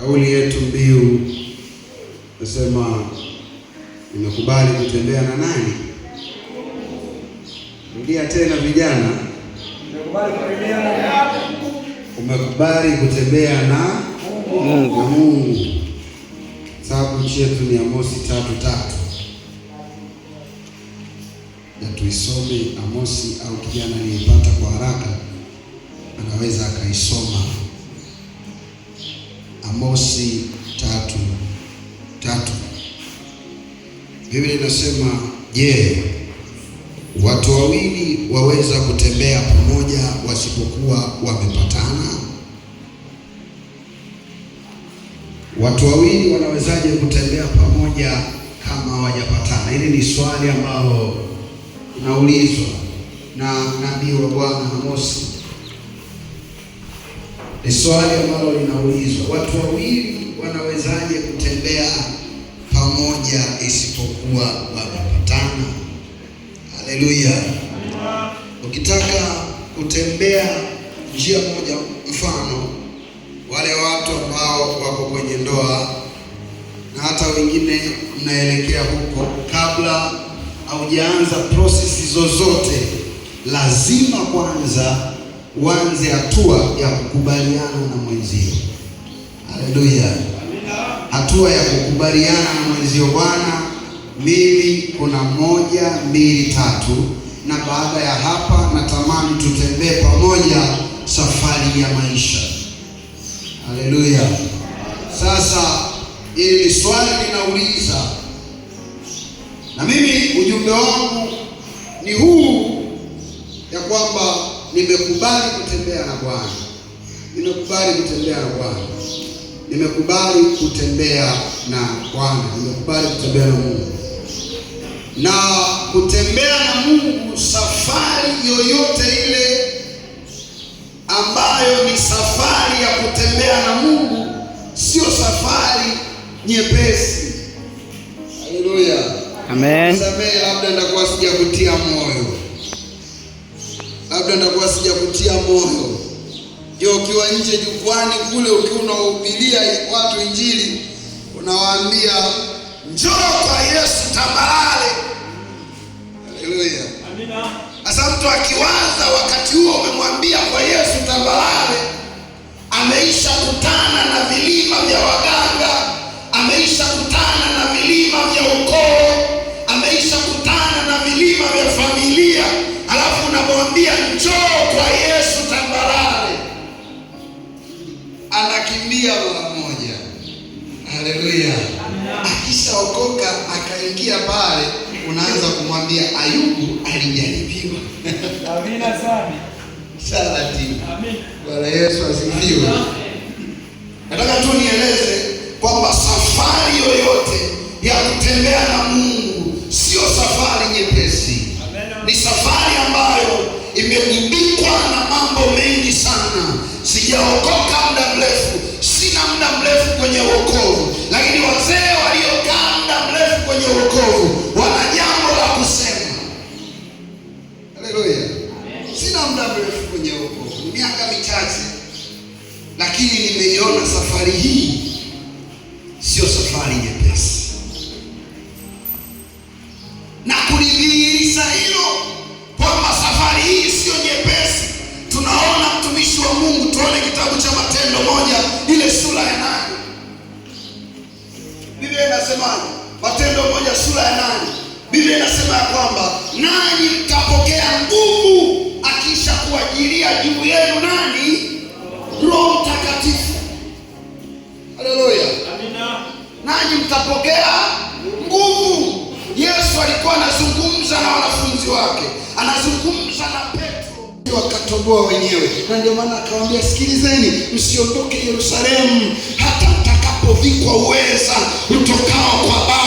Kauli yetu mbiu nasema, nimekubali kutembea na nani? Rudia tena vijana, umekubali kutembea na Mungu. Mungu sababu nchi yetu ni Amosi tatu tatu, na tuisome Amosi, au kijana aliyepata kwa haraka anaweza akaisoma Amosi tatu tatu Biblia inasema je, yeah, watu wawili waweza kutembea pamoja wasipokuwa wamepatana? Watu wawili wanawezaje kutembea pamoja kama hawajapatana? Hili ni swali ambalo naulizwa na nabii wa Bwana Amosi ni swali ambalo linaulizwa, watu wawili wanawezaje kutembea pamoja isipokuwa wamepatana? Haleluya! Ukitaka kutembea njia moja, mfano wale watu ambao wako kwenye ndoa na hata wengine mnaelekea huko, kabla haujaanza prosesi zozote, lazima kwanza uanze hatua ya kukubaliana na mwenzio. Haleluya, hatua ya kukubaliana na mwenzio. Bwana, mimi kuna moja, mbili, tatu, na baada ya hapa natamani tutembee pamoja safari ya maisha. Haleluya. Sasa ili swali linauliza na mimi ujumbe wangu ni huu nimekubali kutembea na Bwana, nimekubali kutembea na Bwana, nimekubali kutembea na Bwana, nimekubali kutembea na Mungu. Na kutembea na Mungu, safari yoyote ile ambayo ni safari ya kutembea na Mungu sio safari nyepesi. Haleluya, amen. Samee, labda ndakuwa sijakutia moyo labda nitakuwa sijakutia moyo. Ndio ukiwa nje jukwani kule, ukiwa unahubiria watu Injili, unawaambia njoo kwa Yesu, tambalale. Haleluya, amina. Sasa mtu akiwaza wakati huo umemwambia kwa Yesu tambalale, ameisha kutana na vilima vya waganga Amina sana. Sharati. Amina. Bwana Yesu asifiwe. Nataka tu nieleze kwamba safari yoyote ya kutembea na Mungu sio safari nyepesi. Ni safari ambayo imegubikwa na mambo mengi sana. Sijaokoka muda mrefu, sina muda mrefu kwenye wokovu, lakini wazee kwenye wokovu ni miaka michache, lakini nimeiona safari hii sio safari nyepesi, na kulidhihirisha hilo kwamba safari hii sio nyepesi. Tunaona mtumishi wa Mungu, tuone kitabu cha Matendo moja ile sura ya nane Biblia inasema Matendo moja sura ya nane Biblia inasema ya kwamba nanyi mtapokea nguvu na ndio maana akawaambia, sikilizeni, msiondoke Yerusalemu hata mtakapovikwa uweza utokao kwa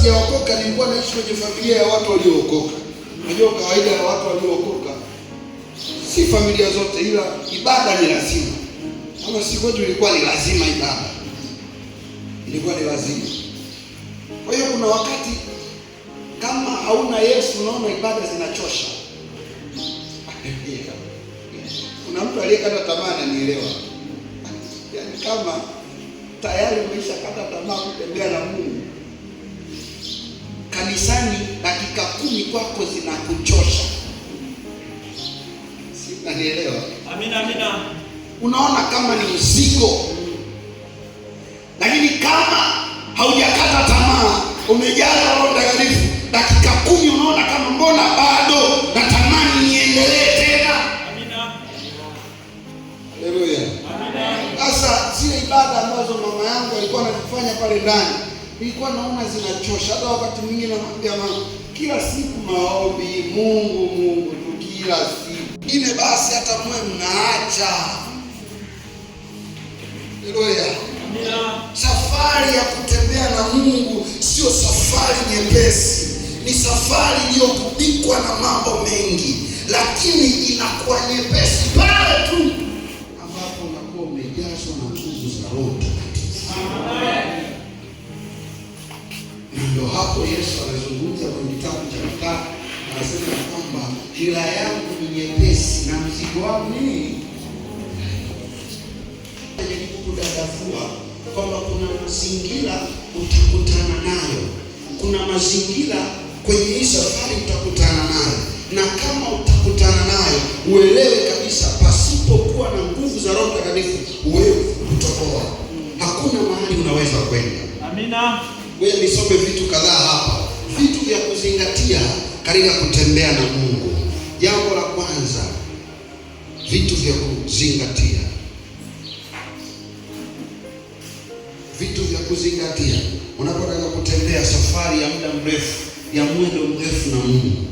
sijaokoka nilikuwa naishi kwenye familia ya watu waliookoka. Unajua kawaida ya watu waliookoka si familia zote, ila ibada ni lazima. Kama si kwetu ilikuwa ni lazima ibada, ilikuwa ni lazima. Kwa hiyo kuna wakati kama hauna Yesu unaona ibada zinachosha. Kuna mtu aliyekata tamaa ananielewa, yaani kama tayari umeisha kata tamaa kutembea na Mungu kanisani dakika kumi kwako zinakuchosha. Sinanielewa? Amina, amina. Unaona kama ni mzigo, lakini kama haujakata tamaa, umejaza Roho Mtakatifu, dakika kumi unaona kama mbona bado natamani niendelee tena. Haleluya. Sasa zile ibada ambazo mama yangu alikuwa anazifanya pale ndani nilikuwa naona zinachosha. Hata wakati mwingine nakwambia mama, kila siku maombi, Mungu Mungu tu kila siku ine, basi hata mwe mnaacha. Haleluya! Safari ya kutembea na Mungu sio safari nyepesi, ni safari iliyokubikwa na mambo mengi, lakini inakuwa nyepesi pale tu uelewe kabisa, pasipokuwa na nguvu za Roho Mtakatifu wewe kutokoa hakuna mahali unaweza kwenda. Amina. Wewe nisome vitu kadhaa hapa, vitu vya kuzingatia katika kutembea na Mungu. Jambo la kwanza, vitu vya kuzingatia, vitu vya kuzingatia unapotaka kutembea safari ya muda mrefu ya mwendo mrefu na Mungu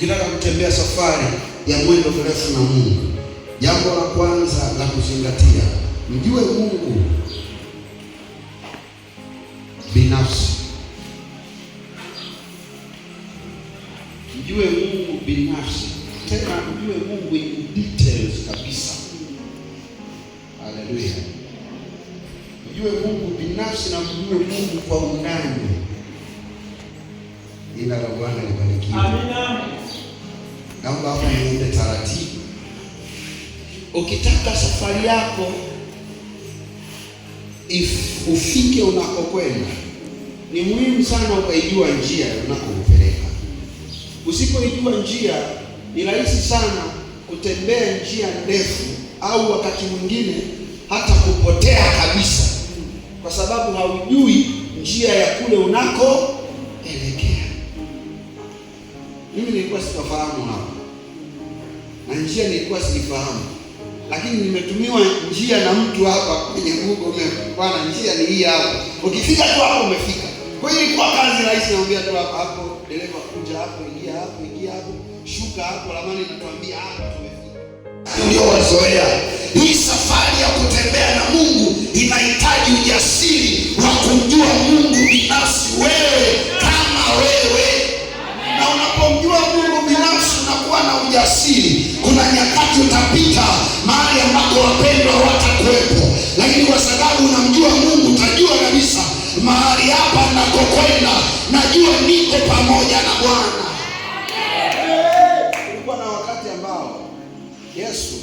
wengine kutembea safari ya mwendo mrefu na Mungu. Jambo la kwanza la kuzingatia, mjue Mungu binafsi. Mjue Mungu binafsi, tena mjue Mungu in details kabisa. Haleluya! Mjue Mungu binafsi na mjue Mungu kwa undani. Ukitaka safari yako if ufike unakokwenda, ni muhimu sana ukaijua njia unakokupeleka. Usipoijua njia, ni rahisi sana kutembea njia ndefu, au wakati mwingine hata kupotea kabisa, kwa sababu haujui njia ya kule unakoelekea. Mimi nilikuwa sifahamu hapo, na njia nilikuwa sifahamu lakini nimetumiwa njia na mtu hapa kwenye Google bwana, njia ni hii hapa, ukifika tu hapo umefika. Kwa hiyo ilikuwa kazi rahisi, naambia tu hapa hapo, dereva kuja hapo, ingia hapo, ingia hapo, shuka hapo, ramani inatuambia hapa tumefika. Ndio wazoea hii safari ya kutembea na Mungu inahitaji ujasiri wa kumjua Mungu binafsi, wewe kama wewe, na unapomjua Mungu binafsi unakuwa na ujasiri ninakokwenda najua niko pamoja na Bwana. Kulikuwa na wakati ambao Yesu,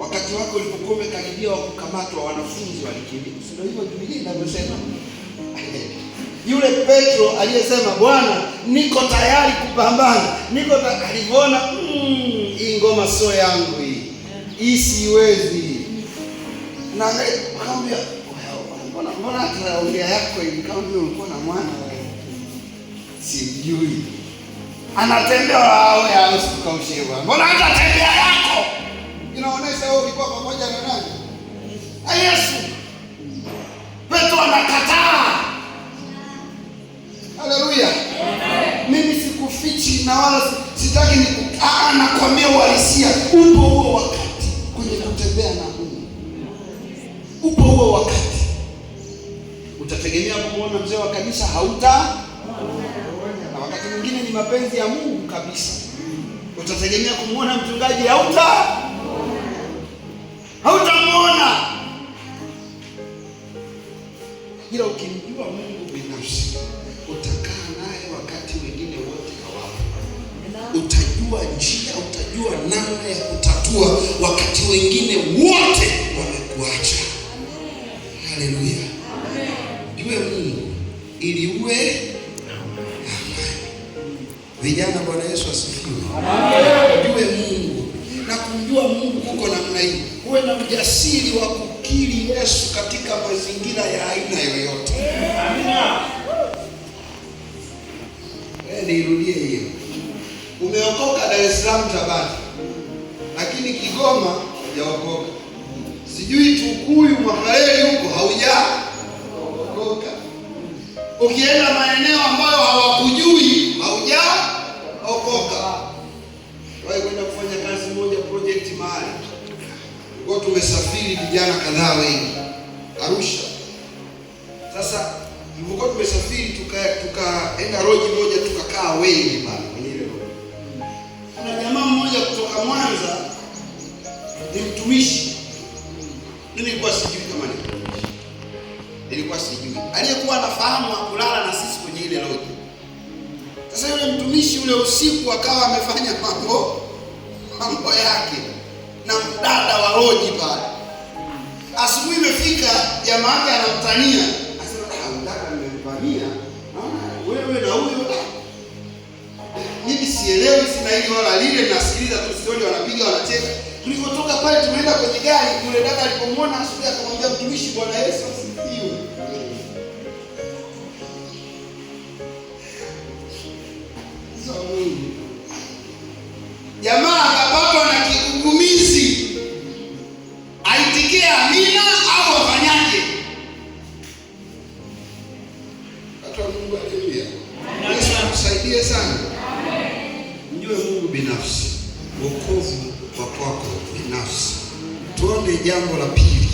wakati wake ulipokuwa umekaribia wa kukamatwa, wanafunzi walikimbia, si ndio? Hivyo Biblia inavyosema yule Petro aliyesema Bwana, niko tayari kupambana, niko alivyoona, mmm, hii ngoma sio yangu, hii hii siwezi, na akamwambia mbona hata yako hivi kama vile ulikuwa na mwana sijui anatembea awe ausikaushewa, mbona hata tembea yako inaonesha wewe ulikuwa pamoja na nani? Na Yesu. Petro anakataa. Haleluya. Mimi sikufichi na wala sitaki ni kukaa, kwambia uhalisia upo huo wakati kwenye kutembea na Mungu, upo huo wakati kutegemea kumwona mzee wa kanisa hauta, na wakati mwingine ni mapenzi ya Mungu kabisa, utategemea kumwona mchungaji hauta, hautamwona ila ukimjua Mungu binafsi utakaa naye wakati wengine wote hawapo. Utajua njia, utajua namna ya kutatua wakati wengine wote wamekuacha. tupe vijana. Bwana Yesu asifiwe. Jue Mungu na kumjua Mungu huko namna hii, uwe na ujasiri wa kukiri Yesu katika mazingira ya aina yoyote. Nirudie hiyo, umeokoka Dar es Salaam Tabati, lakini Kigoma hujaokoka, sijui Tukuyu Mwakaleli huko haujaa ukienda maeneo ambayo hawakujui haujaokoka. Wewe kwenda kufanya kazi moja project mahali kwa, tumesafiri vijana kadhaa wengi Arusha. Sasa tulivyokuwa tumesafiri, tukaenda tuka roji moja, tukakaa wengi nilikuwa sijui. Aliyekuwa anafahamu hakulala na sisi kwenye ile loji. Sasa yule mtumishi ule usiku akawa amefanya mambo mambo yake na mdada wa loji pale. Asubuhi imefika, jamaa yake anamtania, anasema ah, mdada nimemvamia, wewe na huyo mimi sielewi, sina hili wala lile, nasikiliza tu sioni, wanapiga wanacheka. Tulipotoka pale tumeenda kwenye gari, yule dada alipomwona asubuhi akamwambia mtumishi, Bwana Yesu binafsi. Tuone jambo la pili.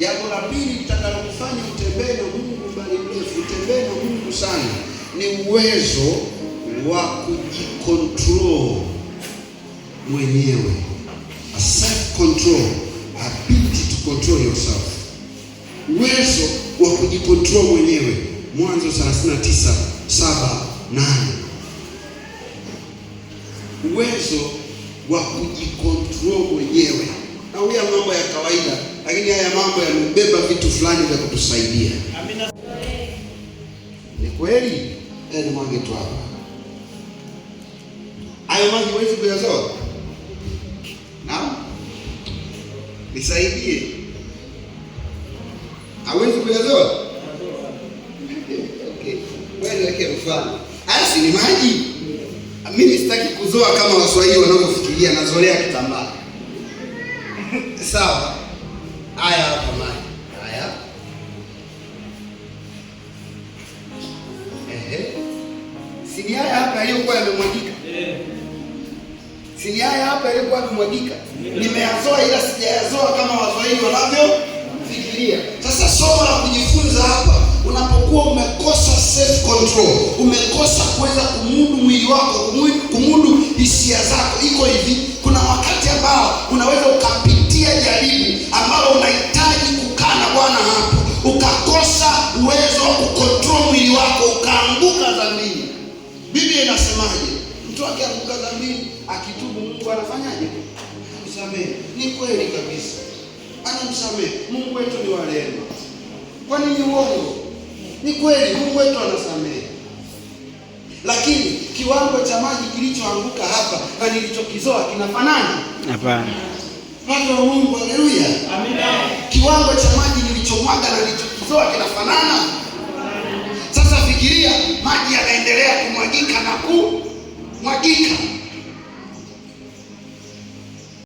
Jambo la pili litakalokufanya utembee na Mungu mbali mrefu, utembee na Mungu sana, ni uwezo wa kujikontrol mwenyewe, a self control, ability to control yourself, uwezo wa kujikontrol mwenyewe. Mwanzo 39 7 8 uwezo wa kujikontrol mwenyewe, na huya mambo ya kawaida, lakini haya mambo yamebeba vitu fulani vya kutusaidia. Amina, ni kweli. Eh, ni mwange tu hapa, hayo maji huwezi kuyazoa. Naam, nisaidie, hawezi kuyazoa. Okay, wewe ndio mfano. Haya si ni maji Ah, mimi sitaki kuzoa kama Waswahili wanavyofikiria, nazolea kitambaa. Sawa. Haya hapa maji. Haya. Ehe. Si haya hapa yaliyokuwa yamemwagika. Si haya hapa yaliyokuwa yamemwagika. Nimeyazoa ila sijayazoa kama Waswahili wanavyofikiria. Sasa somo la kujifunza hapa unapokuwa umekosa self control, umekosa kuweza kumudu mwili wako, kumudu hisia zako. Iko hivi, kuna wakati ambao unaweza ukapitia jaribu ambalo unahitaji kukaa na Bwana hapo, ukakosa uwezo wa kukontrol mwili wako, ukaanguka dhambini. Biblia inasemaje? Mtu akianguka dhambini, akitubu, Mungu anafanyaje? Anamsamehe. Ni kweli kabisa, anamsamehe. Mungu wetu ni walema Kwa nini uongo? Ni kweli Mungu wetu anasamehe, lakini kiwango cha maji kilichoanguka hapa na nilichokizoa kinafanana? Hapana. wa Mungu, haleluya, amina. Kiwango cha maji nilichomwaga na nilichokizoa kinafanana? Sasa fikiria, maji yanaendelea kumwagika na kumwagika